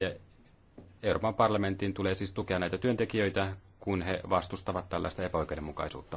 Ja Euroopan parlamentin tulee siis tukea näitä työntekijöitä, kun he vastustavat tällaista epäoikeudenmukaisuutta.